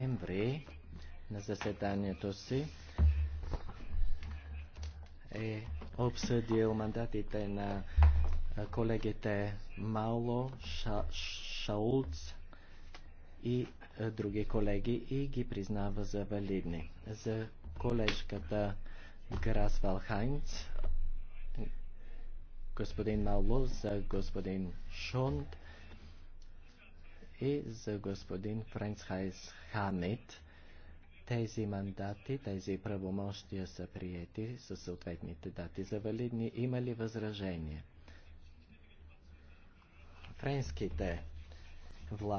ноември на заседанието си е обсъдил мандатите на колегите Мало, Ша, Шаулц и е, други колеги и ги признава за валидни. За колежката Грас Валхайнц, господин Мауло, за господин Шонт, и за господин Хайс Ханет. Тези мандати, тези правомощия са приети със съответните дати за валидни. Има ли възражение? Френските власти